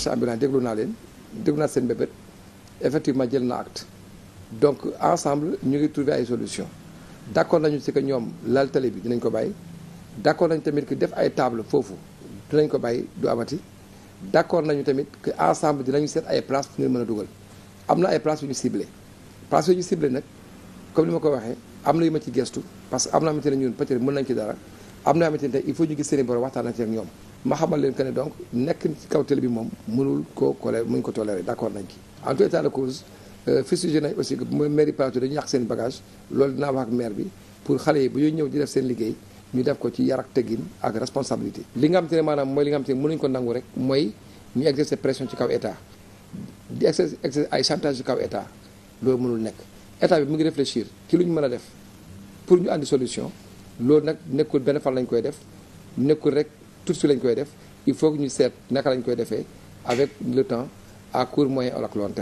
marché ambulant déglu naa leen déglu naa seen bébét effectivement jël na acte donc ensemble ñu ngi trouver ay solution d' accord nañu si que ñoom lal tali bi dinañ ko bàyyi d' accord nañu tamit que def ay table foofu dinañ ko bàyyi du amati d' accord nañu tamit que ensemble dinañu seet ay place fu ngeen mën a dugal am na ay place yu ñu ciblé place yu ñu ciblé nag comme ni ma ko waxee am na yu ma ci gestu parce que am na amati na ñun peut-être mën nañ ci dara am na xamante ne tey il faut ñu gis seen i borom waxtaan ci ak ñoom ma xamal leen que ne donc nekk ci kaw télé bi moom mënul koo colère muñ ko toléré d'accord nañ ci en tout état de cause euh, fustigé nañ aussi que bu mairie Plateau dañu yàq seen bagage loolu dinaa wax ak maire bi pour xale yi bu ñu ñëw di def seen liggéey ñu def ko ci yar ak teggin ak responsabilité li nga xam te ne maanaam mooy li nga xam te ne mënuñ ko nangu rek mooy ñu exercer pression ci kaw état di exercer ay chantage kaw état loolu mënul nekk état bi mu ngi réfléchir ci lu ñu mën a def pour ñu andi solution loolu nag nekkul benn fan lañ koy def nekkul rek tout de lañ koy def il faut que ñu seet naka lañu koy defee avec le temps à court moyen ak long